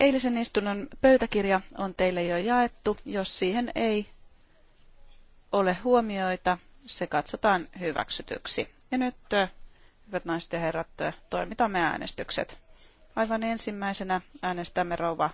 Eilisen istunnon pöytäkirja on teille jo jaettu. Jos siihen ei ole huomioita, se katsotaan hyväksytyksi. Ja nyt, hyvät naiset ja herrat, toimitamme äänestykset. Aivan ensimmäisenä äänestämme rouva